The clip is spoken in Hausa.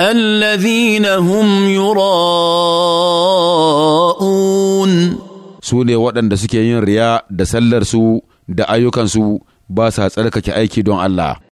الذين هم يراءون sune ne waɗanda suke yin riya da sallarsu da ayyukansu ba sa tsarkake aiki don Allah.